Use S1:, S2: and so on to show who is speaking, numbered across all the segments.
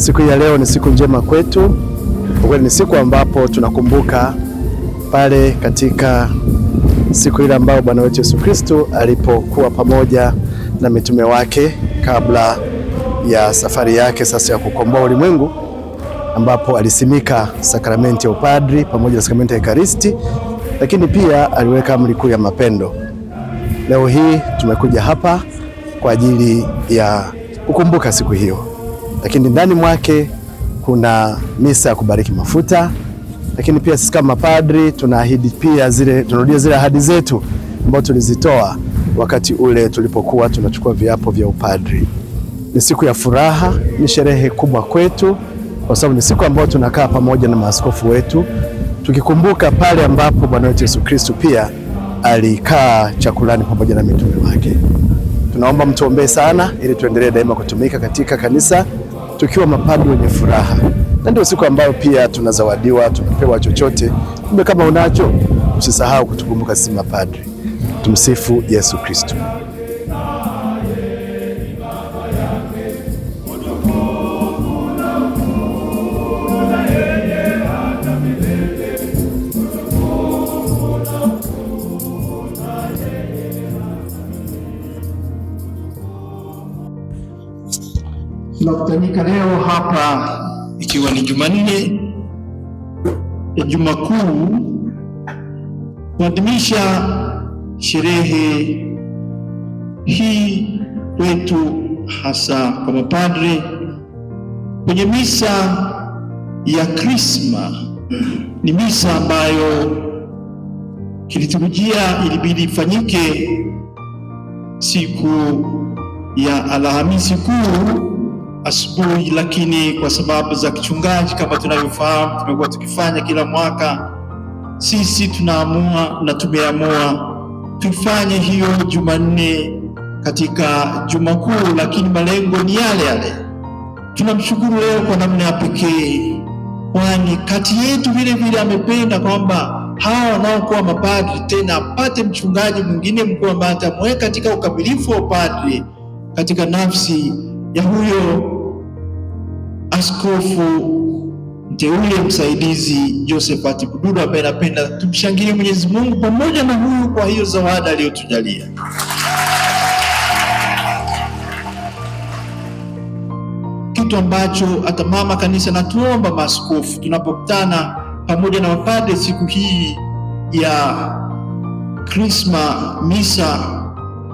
S1: Siku ya leo ni siku njema kwetu. Kweli ni siku ambapo tunakumbuka pale katika siku ile ambayo Bwana wetu Yesu Kristo alipokuwa pamoja na mitume wake kabla ya safari yake sasa ya kukomboa ulimwengu, ambapo alisimika sakramenti ya upadri pamoja na sakramenti ya Ekaristi, lakini pia aliweka amri kuu ya mapendo. Leo hii tumekuja hapa kwa ajili ya kukumbuka siku hiyo lakini ndani mwake kuna misa ya kubariki mafuta, lakini pia sisi kama padri tunaahidi pia zile, tunarudia zile ahadi zetu ambazo tulizitoa wakati ule tulipokuwa tunachukua viapo vya upadri. Ni siku ya furaha, ni sherehe kubwa kwetu, kwa sababu ni siku ambayo tunakaa pamoja na maaskofu wetu tukikumbuka pale ambapo Bwana wetu Yesu Kristo pia alikaa chakulani pamoja na mitume wake. Tunaomba mtuombee sana ili tuendelee daima kutumika katika kanisa tukiwa mapadri wenye furaha, na ndio siku ambayo pia tunazawadiwa, tunapewa chochote. Kumbe kama unacho, usisahau kutukumbuka sisi mapadri. Tumsifu Yesu Kristo.
S2: tunakutanika leo hapa ikiwa ni Jumanne ya Juma Kuu kuadhimisha sherehe hii kwetu, hasa kwa mapadre kwenye misa ya Krisma. Ni misa ambayo kiliturujia ilibidi ifanyike siku ya Alhamisi Kuu asubuhi, lakini kwa sababu za kichungaji, kama tunavyofahamu, tumekuwa tukifanya kila mwaka. Sisi tunaamua na tumeamua tufanye hiyo Jumanne katika Juma Kuu, lakini malengo ni yale yale. Tunamshukuru leo kwa namna ya pekee, kwani kati yetu vile vile amependa kwamba hawa wanaokuwa mapadri tena apate mchungaji mwingine mkuu ambaye atamweka katika ukamilifu wa upadri katika nafsi ya huyo askofu mteule msaidizi Josephat Bududu ambaye napenda tumshangilie Mwenyezi Mungu pamoja na huyu kwa hiyo zawadi aliyotujalia. Kitu ambacho hata mama kanisa natuomba maaskofu tunapokutana pamoja na wapadre siku hii ya Krisma misa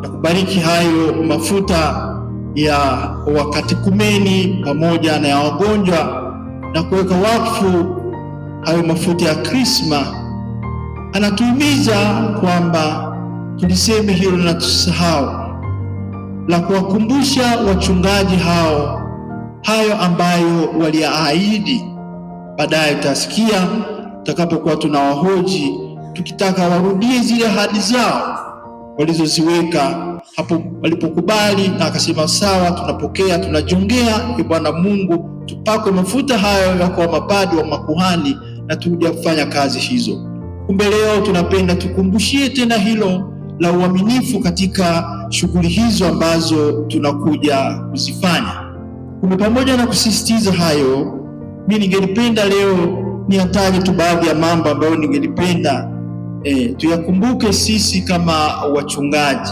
S2: na kubariki hayo mafuta ya wakatekumeni pamoja na ya wagonjwa na kuweka wakfu hayo mafuta ya krisma. Anatuhimiza kwamba tuliseme hilo na tusahau, la kuwakumbusha wachungaji hao hayo ambayo waliyaahidi. Baadaye tutasikia tutakapokuwa tunawahoji, tukitaka warudie zile ahadi zao walizoziweka hapo walipokubali na akasema sawa, tunapokea tunajongea, e Bwana Mungu, tupakwe mafuta hayo ya kuwa mabadi wa makuhani na tuja kufanya kazi hizo. Kumbe leo tunapenda tukumbushie tena hilo la uaminifu katika shughuli hizo ambazo tunakuja kuzifanya. Kumbe pamoja na kusisitiza hayo, mi ningelipenda leo niataje tu baadhi ya mambo ambayo ningelipenda eh, tuyakumbuke sisi kama wachungaji.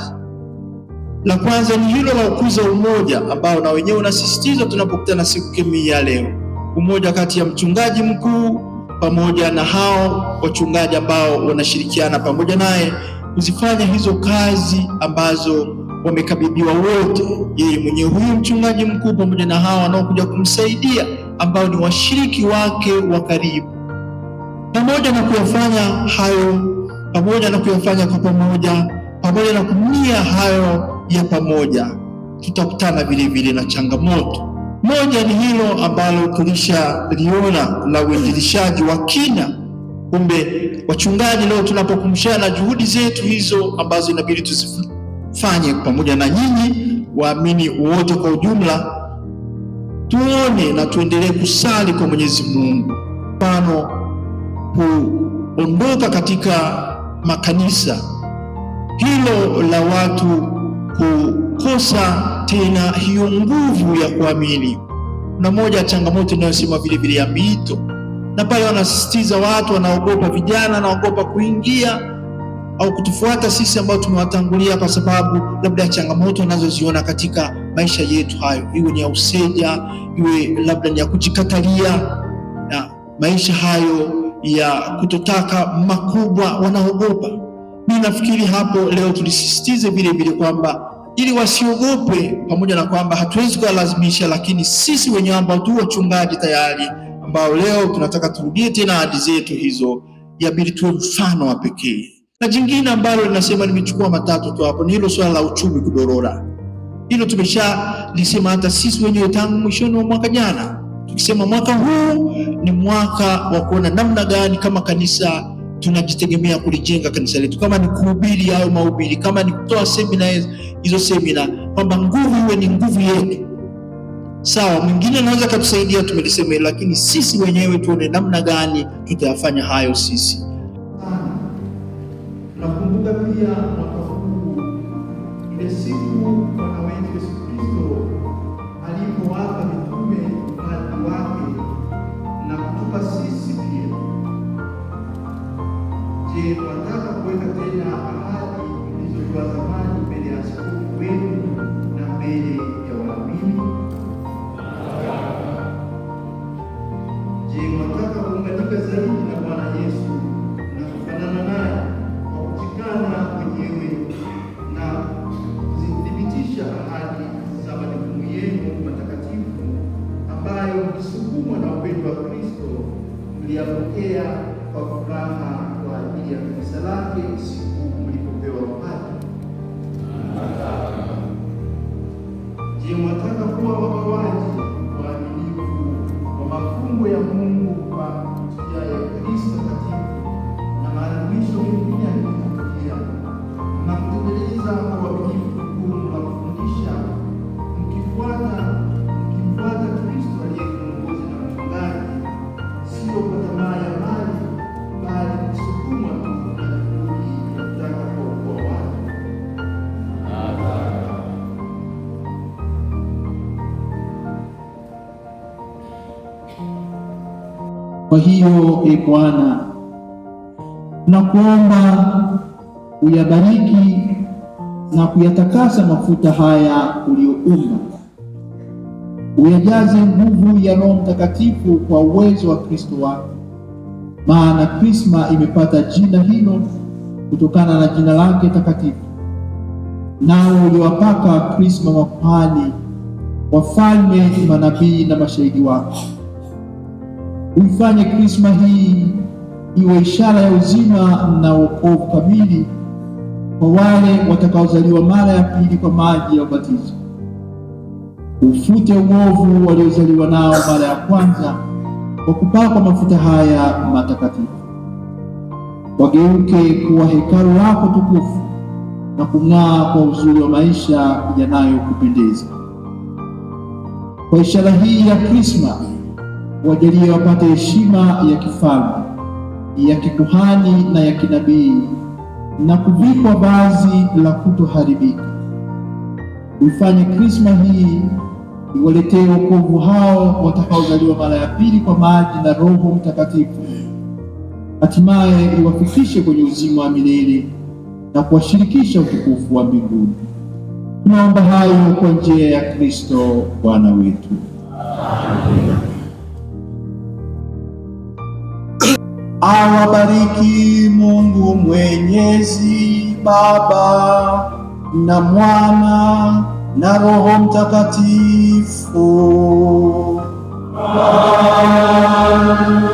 S2: La kwanza ni hilo la kukuza umoja ambao na wenyewe unasisitizwa tunapokutana siku kemi ya leo, umoja kati ya mchungaji mkuu pamoja na hao wachungaji ambao wanashirikiana pamoja naye kuzifanya hizo kazi ambazo wamekabidhiwa wote, yeye mwenyewe huyu mchungaji mkuu pamoja na hao wanaokuja kumsaidia ambao ni washiriki wake wa karibu, pamoja na kuyafanya hayo, pamoja na kuyafanya kwa pamoja, pamoja na kumnia hayo ya pamoja, tutakutana vile vile na changamoto. Moja ni hilo ambalo tulishaliona la uinjilishaji wa kina. Kumbe wachungaji, leo tunapokumshana juhudi zetu hizo ambazo inabidi tuzifanye pamoja na nyinyi waamini wote kwa ujumla, tuone na tuendelee kusali kwa Mwenyezi Mungu, mfano kuondoka katika makanisa hilo la watu kukosa tena hiyo nguvu ya kuamini. Na moja ya changamoto inayosema vile vile ya miito, na pale wanasisitiza watu, wanaogopa vijana, wanaogopa kuingia au kutufuata sisi ambao tumewatangulia, kwa sababu labda ya changamoto wanazoziona katika maisha yetu hayo, iwe ni ya useja, iwe labda ni ya kujikatalia na maisha hayo ya kutotaka makubwa, wanaogopa mimi nafikiri hapo leo tulisisitize vile vile kwamba ili wasiogope, pamoja na kwamba hatuwezi kuwalazimisha, lakini sisi wenyewe ambao tu wachungaji tayari, ambao leo tunataka turudie tena ahadi zetu hizo, yabidi tuwe mfano wa pekee. Na jingine ambalo linasema, nimechukua matatu tu hapo, ni hilo swala la uchumi kudorora. Hilo tumeshalisema hata sisi wenyewe tangu mwishoni wa mwaka jana, tukisema mwaka huu ni mwaka wa kuona namna gani kama kanisa tunajitegemea kulijenga kanisa letu, kama ni kuhubiri hayo mahubiri, kama ni kutoa semina hizo semina, kwamba nguvu iwe ni nguvu yetu. Sawa, mwingine anaweza akatusaidia, tumelisema, lakini sisi wenyewe tuone namna gani tutayafanya hayo sisi.
S3: Nakumbuka pia mwaka huu ile siku wanataka kuweka tena ahadi zilizokuwa zamani mbele ya askofu wenu na mbele ya waamini. Je, wanataka kuunganika zaidi na Bwana Yesu na kufanana naye kwa kuchikana wenyewe na kuzithibitisha ahadi za majukumu yenu matakatifu ambayo mkisukumwa na upendo wa Kristo mliyapokea cabeça.
S2: Kwa hiyo e Bwana, tunakuomba uyabariki na kuyatakasa mafuta haya uliyoumba, uyajaze nguvu ya Roho Mtakatifu kwa uwezo wa Kristo wako, maana Krisma imepata jina hilo kutokana na jina lake takatifu. Nao uliwapaka Krisma makuhani, wafalme, manabii na mashahidi wako Uifanye Krisma hii iwe ishara ya uzima na wokovu kamili kwa wale watakaozaliwa mara ya pili kwa maji ya ubatizo. Ufute uovu waliozaliwa nao mara ya kwanza kwa kupakwa mafuta haya matakatifu. Wageuke kuwa hekalu lako tukufu na kung'aa kwa uzuri wa maisha yanayokupendeza. Kwa ishara hii ya Krisma wajalie wapate heshima ya kifalme ya kikuhani na ya kinabii na kuvikwa vazi la kutoharibika. Ifanye Krisma hii iwaletee wokovu hao watakaozaliwa mara ya pili kwa maji na Roho Mtakatifu, hatimaye iwafikishe kwenye uzima wa milele na kuwashirikisha utukufu wa mbinguni. Tunaomba hayo kwa njia ya Kristo Bwana wetu, Amen.
S4: awabariki Mungu Mwenyezi, Baba na Mwana na Roho Mtakatifu. Amen.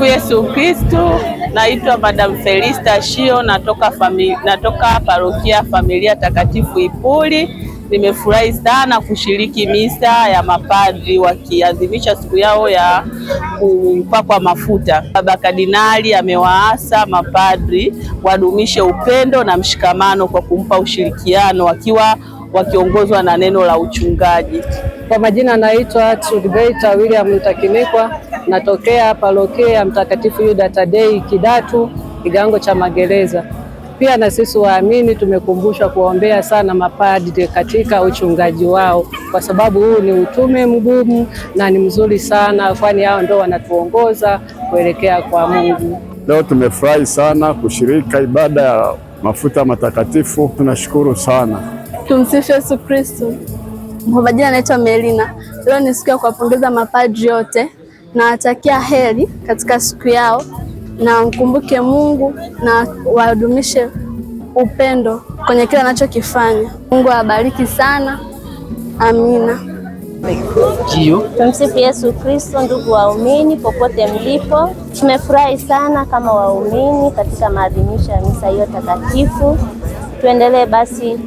S5: Tumsifu Yesu Kristo. Naitwa Madam Felista Shio, natoka fami, natoka parokia Familia Takatifu Ipuli. Nimefurahi sana kushiriki misa ya mapadri wakiadhimisha siku yao ya kupakwa mafuta. Baba Kardinali amewaasa mapadri wadumishe upendo na mshikamano kwa kumpa ushirikiano wakiwa wakiongozwa na neno la uchungaji.
S6: Kwa majina anaitwa Tudbeita William Mtakinikwa, natokea parokia ya Mtakatifu Yuda Tadei Kidatu, kigango cha magereza. Pia na sisi waamini tumekumbushwa kuombea sana mapadri katika uchungaji wao, kwa sababu huu ni utume mgumu na ni mzuri sana, kwani hao ndio wanatuongoza kuelekea kwa Mungu.
S7: Leo tumefurahi sana kushirika ibada ya mafuta matakatifu, tunashukuru sana.
S8: Tumsifu Yesu Kristo. Kwa jina naitwa Melina. Leo ni siku ya kuwapongeza mapadri yote nawatakia heri katika siku yao, na mkumbuke Mungu na wadumishe upendo kwenye kila anachokifanya. Mungu awabariki sana, amina.
S9: Tumsifu Yesu Kristo. Ndugu waumini popote mlipo, tumefurahi sana kama waumini katika maadhimisho ya misa hiyo takatifu. Tuendelee basi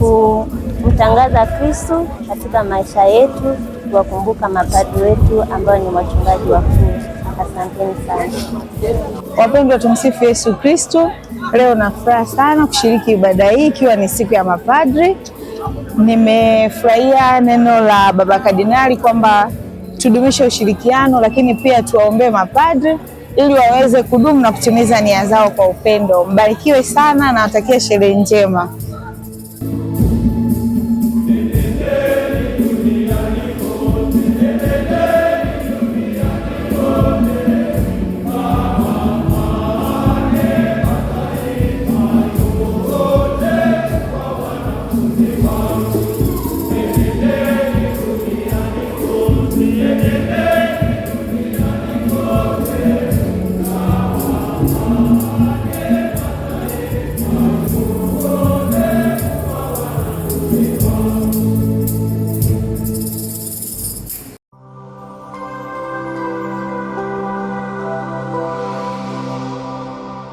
S9: kumtangaza Kristo katika maisha yetu, kuwakumbuka mapadri wetu ambao ni wachungaji wakuu. Asanteni sana
S10: wapendwa, tumsifu Yesu Kristo. Leo na furaha sana kushiriki ibada hii ikiwa ni siku ya mapadri. Nimefurahia neno la Baba Kardinali kwamba tudumishe ushirikiano, lakini pia tuwaombee mapadri ili waweze kudumu na kutimiza nia zao kwa upendo. Mbarikiwe sana na sherehe njema.